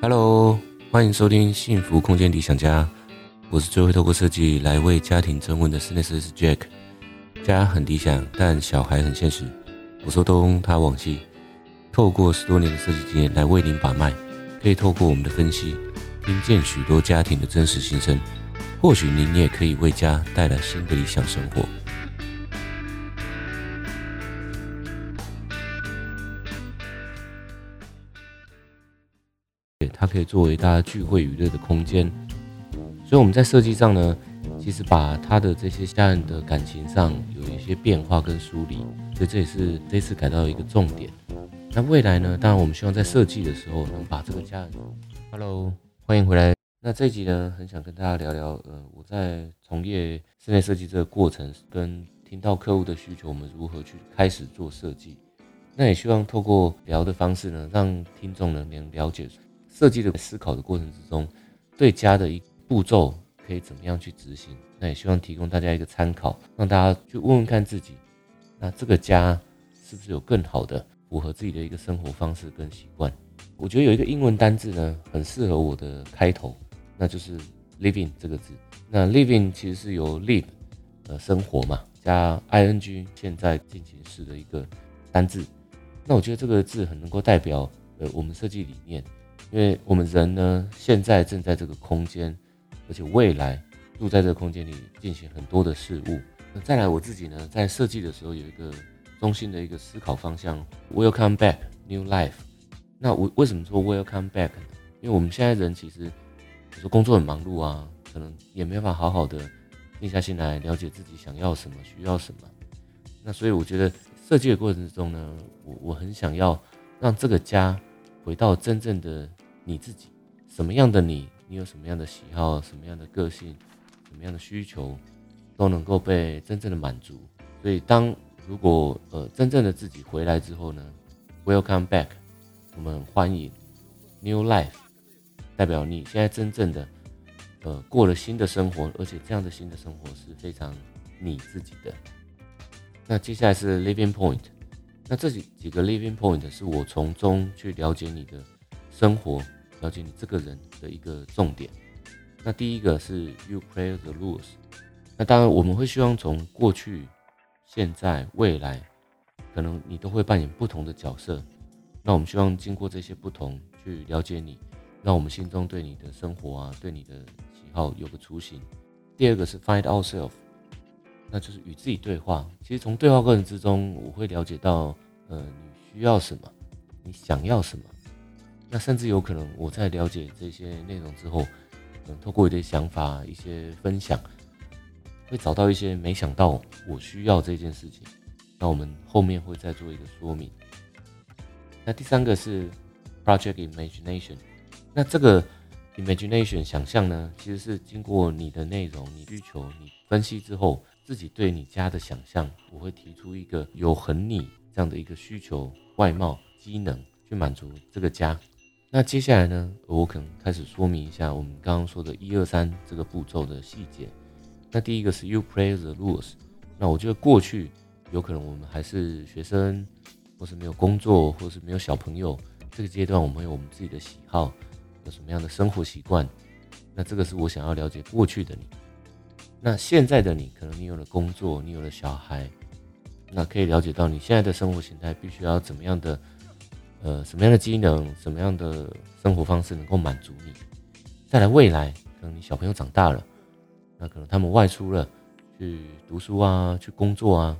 哈嘍，歡迎收聽《幸福空間理想家》，我是最會透過設計來為家庭升溫的室內設計師 Jack。家很理想，但小孩很現實。我說東他往西，透過十多年的設計經驗來為您把脈，可以透過我們的分析，聽見許多家庭的真實心聲。或許您也可以為家帶來新的理想生活。它可以作為大家聚會娛樂的空間，所以我們在設計上呢，其實把他的這些家人的感情上有一些變化跟梳理，所以這也是這次改造一個重點。那未來呢，當然我們希望在設計的時候能把這個家人。Hello，歡迎回來。那這一集呢，很想跟大家聊聊，呃，我在從業室內設計這個過程，跟聽到客戶的需求，我們如何去開始做設計。那也希望透過聊的方式呢，讓聽眾能了解設計的思考的過程之中，對家的一步驟可以怎麼樣去執行？那也希望提供大家一個參考，讓大家去問問看自己，那這個家是不是有更好的符合自己的一個生活方式跟習慣？我覺得有一個英文單字呢，很適合我的開頭，那就是 living 這個字。那 living 其實是由 live，呃，生活嘛，加 ing 現在進行式的一個單字。那我覺得這個字很能夠代表呃我們設計理念。因為我們人呢，現在正在這個空間，而且未來住在這個空間裡進行很多的事物。那再來我自己呢，在設計的時候有一個中心的一個思考方向：Welcome back, new life。那我為什麼說 Welcome back 呢？因為我們現在人其實，比如說工作很忙碌啊，可能也沒辦法好好的靜下心來了解自己想要什麼、需要什麼。那所以我覺得設計的過程之中呢，我我很想要讓這個家回到真正的。你自己什麼樣的你，你有什麼樣的喜好，什麼樣的個性，什麼樣的需求，都能夠被真正的滿足。所以當，當如果呃真正的自己回來之後呢，Welcome back，我們歡迎 New Life，代表你現在真正的呃過了新的生活，而且這樣的新的生活是非常你自己的。那接下來是 Living Point，那這幾幾個 Living Point 是我從中去了解你的生活。了解你這個人的一個重點，那第一個是 you play the rules，那當然我們會希望從過去、現在、未來，可能你都會扮演不同的角色，那我們希望經過這些不同去了解你，讓我們心中對你的生活啊，對你的喜好有個雛形。第二個是 find ourself，那就是與自己對話。其實從對話過程之中，我會了解到，呃，你需要什麼，你想要什麼。那甚至有可能我在了解這些內容之後，嗯，透過一些想法、一些分享，會找到一些沒想到我需要這件事情。那我們後面會再做一個說明。那第三個是 Project Imagination。那這個 Imagination 想象呢，其實是經過你的內容、你需求、你分析之後，自己對你家的想象，我會提出一個有很你這樣的一個需求、外貌、機能去滿足這個家。那接下來呢，我可能開始說明一下我們剛剛說的一二三這個步驟的細節。那第一個是 You play the rules。那我覺得過去有可能我們還是學生，或是沒有工作，或是沒有小朋友，這個階段我們有我們自己的喜好，有什麼樣的生活習慣。那這個是我想要了解過去的你。那現在的你，可能你有了工作，你有了小孩，那可以了解到你現在的生活形態必須要怎麼樣的。呃，什麼樣的機能，什麼樣的生活方式能夠滿足你？再來，未來可能你小朋友長大了，那可能他們外出了，去讀書啊，去工作啊，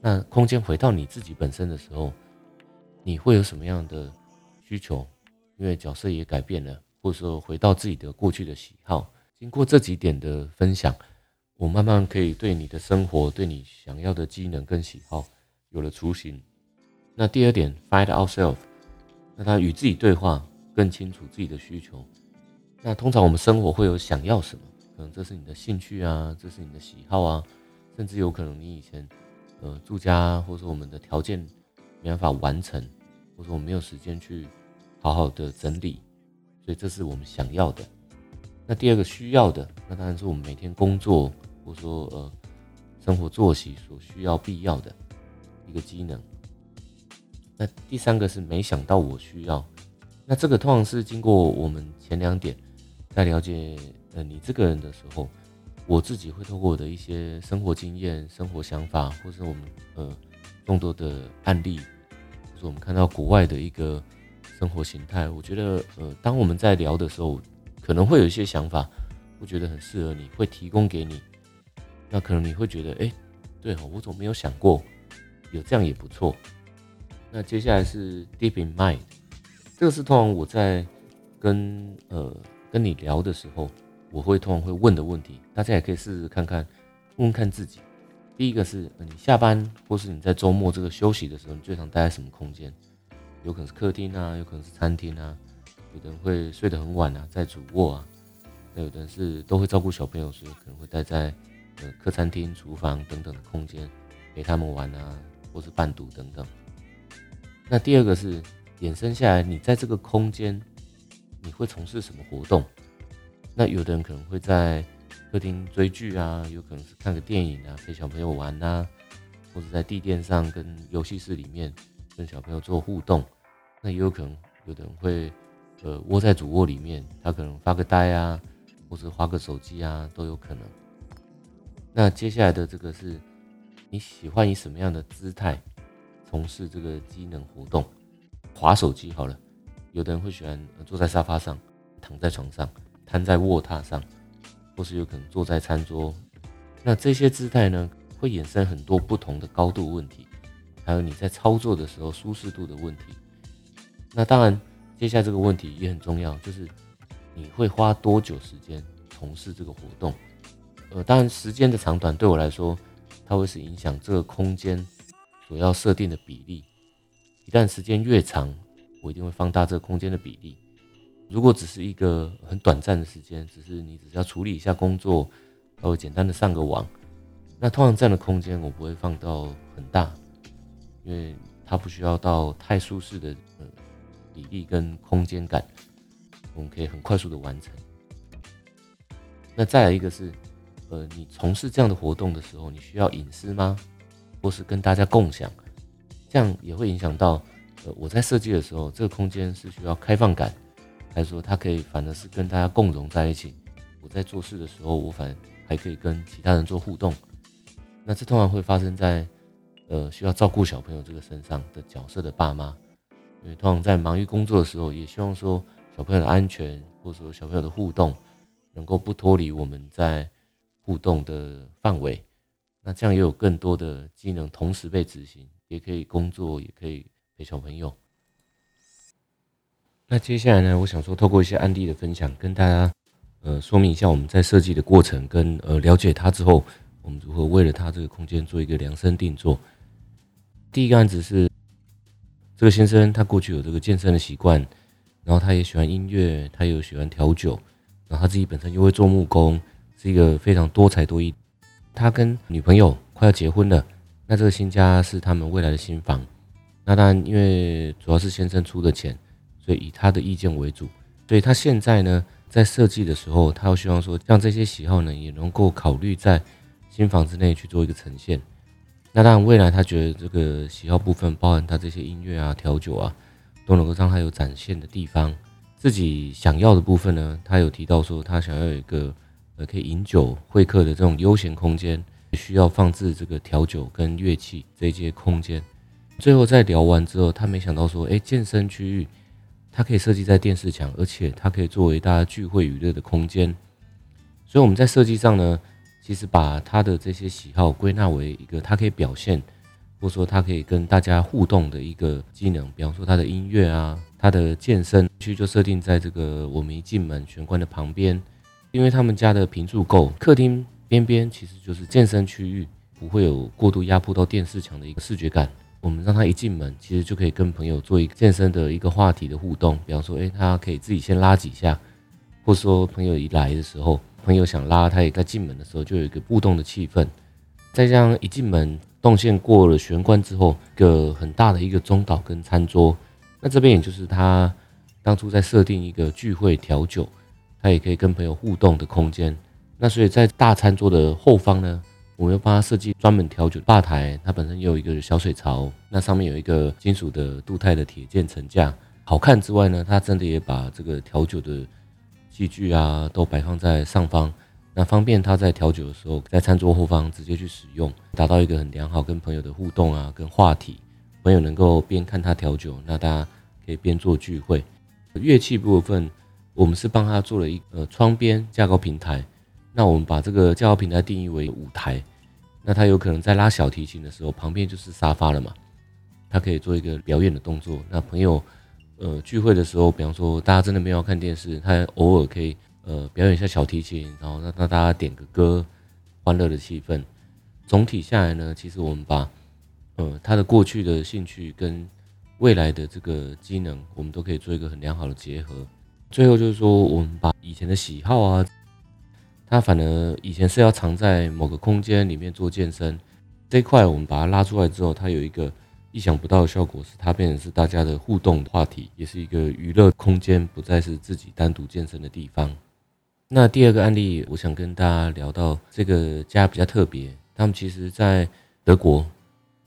那空間回到你自己本身的時候，你會有什麼樣的需求？因為角色也改變了，或者說回到自己的過去的喜好。經過這幾點的分享，我慢慢可以對你的生活，對你想要的機能跟喜好有了雛形。那第二點，find ourselves。那他與自己對話，更清楚自己的需求。那通常我們生活會有想要什麼？可能這是你的興趣啊，這是你的喜好啊，甚至有可能你以前，呃，住家或者說我們的條件沒辦法完成，或者我沒有時間去好好的整理，所以這是我們想要的。那第二個需要的，那當然是我們每天工作或者說呃生活作息所需要必要的一個機能。那第三個是沒想到我需要，那這個通常是經過我們前兩點在了解呃，你這個人的時候，我自己會透過我的一些生活經驗、生活想法，或者我們呃眾多的案例，或、就是我們看到國外的一個生活形態，我覺得呃當我們在聊的時候，可能會有一些想法，我覺得很適合你會提供給你，那可能你會覺得誒，對哦，我怎麼沒有想過有這樣也不錯。那接下來是 deep in mind，這個是通常我在跟呃跟你聊的時候，我會通常會問的問題，大家也可以試試看看，問問看自己。第一個是你下班或是你在周末這個休息的時候，你最常待在什麼空間？有可能是客廳啊，有可能是餐廳啊，有的人會睡得很晚啊，在主臥啊，那有的人是都會照顧小朋友，所以可能會待在呃客餐廳、廚房等等的空間陪他們玩啊，或是伴讀等等。那第二個是衍生下來，你在這個空間，你會從事什麼活動？那有的人可能會在客廳追劇啊，有可能是看個電影啊，陪小朋友玩啊，或者在地墊上跟遊戲室裡面跟小朋友做互動。那也有可能有的人會呃窩在主臥裡面，他可能發個呆啊，或者滑個手機啊，都有可能。那接下來的這個是你喜歡以什麼樣的姿態？從事這個機能活動，滑手機好了，有的人會喜歡坐在沙發上，躺在床上，癱在臥榻上，或是有可能坐在餐桌。那這些姿態呢，會衍生很多不同的高度問題，還有你在操作的時候舒適度的問題。那當然，接下來這個問題也很重要，就是你會花多久時間從事這個活動？呃，當然時間的長短對我來說，它會是影響這個空間。所要設定的比例，一旦時間越長，我一定會放大這個空間的比例。如果只是一個很短暫的時間，只是你只是要處理一下工作，然後簡單的上個網，那通常這樣的空間我不會放到很大，因為它不需要到太舒適的呃，比例跟空間感，我們可以很快速的完成。那再來一個是，呃，你從事這樣的活動的時候，你需要隱私嗎？或是跟大家共享，這樣也會影響到，呃，我在設計的時候，這個空間是需要開放感，還是說它可以反而是跟大家共融在一起？我在做事的時候，我反而還可以跟其他人做互動。那這通常會發生在，呃，需要照顧小朋友這個身上的角色的爸媽，因為通常在忙於工作的時候，也希望說小朋友的安全，或者說小朋友的互動，能夠不脫離我們在互動的範圍。那這樣也有更多的技能同時被執行，也可以工作，也可以陪小朋友。那接下來呢？我想說，透過一些案例的分享，跟大家呃說明一下我們在設計的過程跟呃了解他之後，我們如何為了他這個空間做一個量身定做。第一個案子是這個先生，他過去有這個健身的習慣，然後他也喜歡音樂，他又喜歡調酒，然後他自己本身又會做木工，是一個非常多才多藝。他跟女朋友快要結婚了，那這個新家是他們未來的新房。那當然，因為主要是先生出的錢，所以以他的意見為主。所以他現在呢，在設計的時候，他希望說，像這些喜好呢，也能夠考慮在新房之內去做一個呈現。那當然，未來他覺得這個喜好部分，包含他這些音樂啊、調酒啊，都能夠讓他有展現的地方。自己想要的部分呢，他有提到說，他想要有一個。呃，可以飲酒會客的這種悠閒空間，需要放置這個調酒跟樂器這些空間。最後在聊完之後，他沒想到說，誒，健身區域它可以設計在電視牆，而且它可以作為大家聚會娛樂的空間。所以我們在設計上呢，其實把他的這些喜好歸納為一個，他可以表現或者說他可以跟大家互動的一個機能。比方說他的音樂啊，他的健身區就設定在這個我們一進門玄關的旁邊。因為他們家的坪數夠，客廳邊邊其實就是健身區域，不會有過度壓迫到電視牆的一個視覺感。我們讓他一進門，其實就可以跟朋友做一個健身的一個話題的互動，比方說，誒、哎，他可以自己先拉幾下，或說朋友一來的時候，朋友想拉他，也在進門的時候就有一個互動的氣氛。再加上一進門，動線過了玄關之後，一個很大的一個中島跟餐桌，那這邊也就是他當初在設定一個聚會調酒。它也可以跟朋友互動的空間，那所以在大餐桌的後方呢，我們又幫他設計專門調酒的吧台，它本身也有一個小水槽，那上面有一個金屬的鍍鈦的鐵件層架，好看之外呢，它真的也把這個調酒的器具啊都擺放在上方，那方便他在調酒的時候，在餐桌後方直接去使用，達到一個很良好跟朋友的互動啊，跟話題，朋友能夠邊看他調酒，那大家可以邊做聚會。樂器部分，我們是幫他做了一個窗邊架高平台，那我們把這個架高平台定義為舞台，那他有可能在拉小提琴的時候，旁邊就是沙發了嘛，他可以做一個表演的動作。那朋友，呃，聚會的時候，比方說大家真的沒有看電視，他偶爾可以呃表演一下小提琴，然後讓讓大家點個歌，歡樂的氣氛。總體下來呢，其實我們把呃他的過去的興趣跟未來的這個機能，我們都可以做一個很良好的結合。最後就是說，我們把以前的喜好啊，他反而以前是要藏在某個空間裡面做健身這一塊，我們把它拉出來之後，它有一個意想不到的效果，是它變成是大家的互動話題，也是一個娛樂空間，不再是自己單獨健身的地方。那第二個案例，我想跟大家聊到這個家比較特別，他們其實在德國，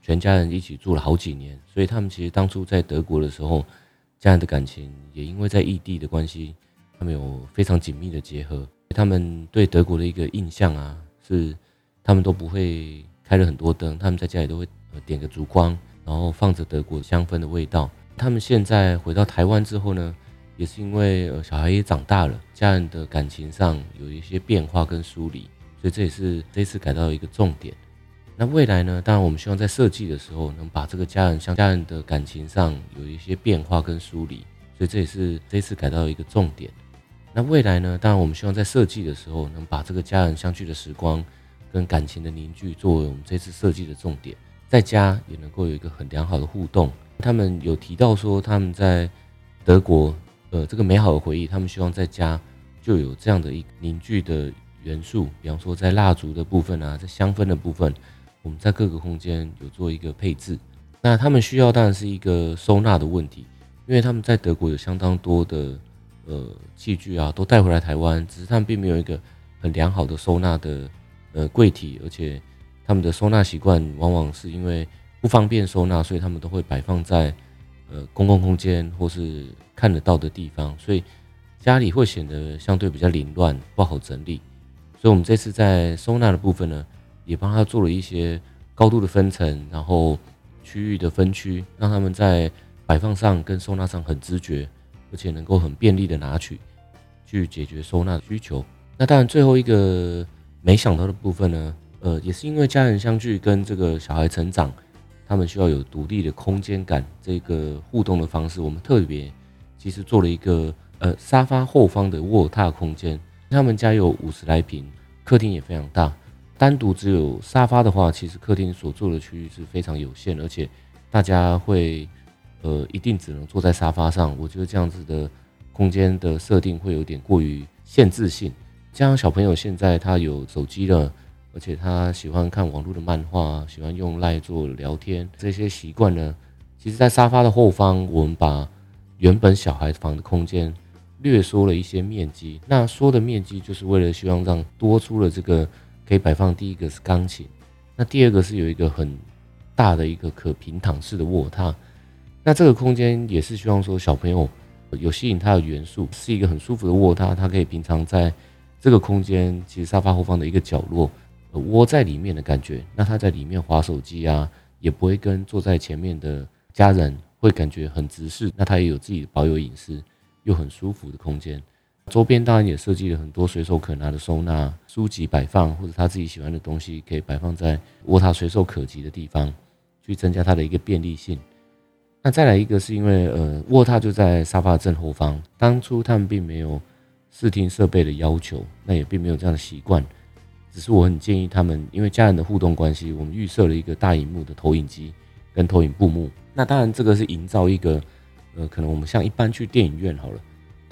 全家人一起住了好幾年，所以他們其實當初在德國的時候。家人的感情也因為在異地的關係，他們有非常緊密的結合。他們對德國的一個印象啊，是他們都不會開了很多燈，他們在家裡都會點個燭光，然後放着德國香氛的味道。他們現在回到台灣之後呢，也是因為呃，小孩也長大了，家人的感情上有一些變化跟疏離，所以這也是這次改造的一個重點。那未來呢？當然，我們希望在設計的時候能把這個家人像家人的感情上有一些變化跟梳理，所以這也是這次改造的一個重點。那未來呢？當然，我們希望在設計的時候能把這個家人相聚的時光跟感情的凝聚作為我們這次設計的重點，在家也能夠有一個很良好的互動。他們有提到說，他們在德國，呃，這個美好的回憶，他們希望在家就有這樣的一個凝聚的元素，比方說在蠟燭的部分啊，在香氛的部分。我們在各個空間有做一個配置，那他們需要當然是一個收納的問題，因為他們在德國有相當多的呃器具啊都帶回來台灣，只是他們並沒有一個很良好的收納的呃櫃體，而且他們的收納習慣往往是因為不方便收納，所以他們都會擺放在呃公共空間或是看得到的地方，所以家裡會顯得相對比較凌亂，不好整理。所以我們這次在收納的部分呢。也幫他做了一些高度的分層，然後區域的分區，讓他們在擺放上跟收納上很直覺，而且能夠很便利的拿取，去解決收納需求。那當然最後一個沒想到的部分呢，呃，也是因為家人相聚跟這個小孩成長，他們需要有獨立的空間感。這個互動的方式，我們特別其實做了一個呃沙發後方的臥榻空間。他們家有五十來坪，客廳也非常大。單獨只有沙發的話，其實客廳所坐的區域是非常有限，而且大家會呃一定只能坐在沙發上。我覺得這樣子的空間的設定會有點過於限制性。像小朋友現在他有手機了，而且他喜歡看網絡的漫畫，喜歡用 LINE 做聊天這些習慣呢。其實，在沙發的後方，我們把原本小孩房的空間略縮了一些面積。那縮的面積，就是為了希望讓多出了這個。可以擺放第一個是鋼琴，那第二個是有一個很大的一個可平躺式的臥榻，那這個空間也是希望說小朋友有吸引他的元素，是一個很舒服的臥榻，他可以平常在這個空間，其實沙發後方的一個角落窩在裡面的感覺，那他在裡面滑手機啊，也不會跟坐在前面的家人會感覺很直視，那他也有自己的保有隱私又很舒服的空間。周邊當然也設計了很多隨手可拿的收納、書籍擺放，或者他自己喜歡的東西，可以擺放在臥榻隨手可及的地方，去增加它的一個便利性。那再來一個是因為呃，臥榻就在沙發正後方，當初他們並沒有視聽設備的要求，那也並沒有這樣的習慣，只是我很建議他們，因為家人的互動關係，我們預設了一個大熒幕的投影機跟投影布幕。那當然這個是營造一個呃，可能我們像一般去電影院好了。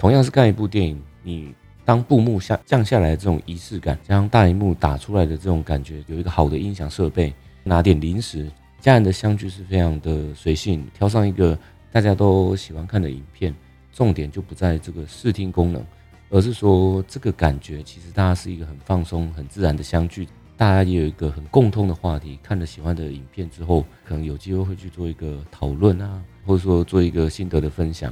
同樣是看一部電影，你當布幕下降下來的這種儀式感，將大熒幕打出來的這種感覺，有一個好的音響設備，拿點零食，家人的相聚是非常的隨性，挑上一個大家都喜歡看的影片，重點就不在這個視聽功能，而是說這個感覺其實大家是一個很放鬆、很自然的相聚，大家也有一個很共通的話題，看了喜歡的影片之後，可能有機會會去做一個討論啊，或者說做一個心得的分享。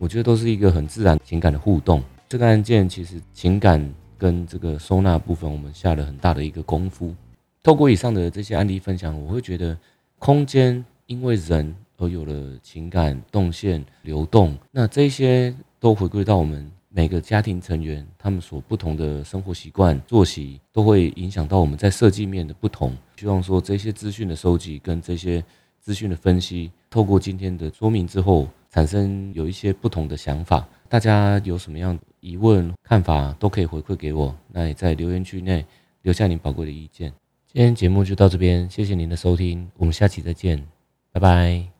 我覺得都是一個很自然情感的互動。這個案件其實情感跟這個收納部分，我們下了很大的一個功夫。透過以上的這些案例分享，我會覺得空間因為人而有了情感動線流動。那這些都回歸到我們每個家庭成員，他們所不同的生活習慣、作息，都會影響到我們在設計面的不同。希望說這些資訊的收集跟這些資訊的分析。透過今天的說明之後，產生有一些不同的想法，大家有什麼樣的疑問、看法都可以回饋給我，那也在留言區內留下您寶貴的意見。今天節目就到這邊，謝謝您的收聽，我們下期再見，拜拜。